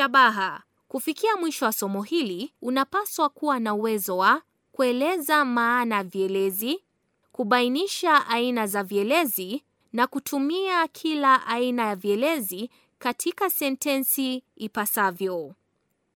Shabaha: kufikia mwisho wa somo hili, unapaswa kuwa na uwezo wa kueleza maana vielezi, kubainisha aina za vielezi na kutumia kila aina ya vielezi katika sentensi ipasavyo.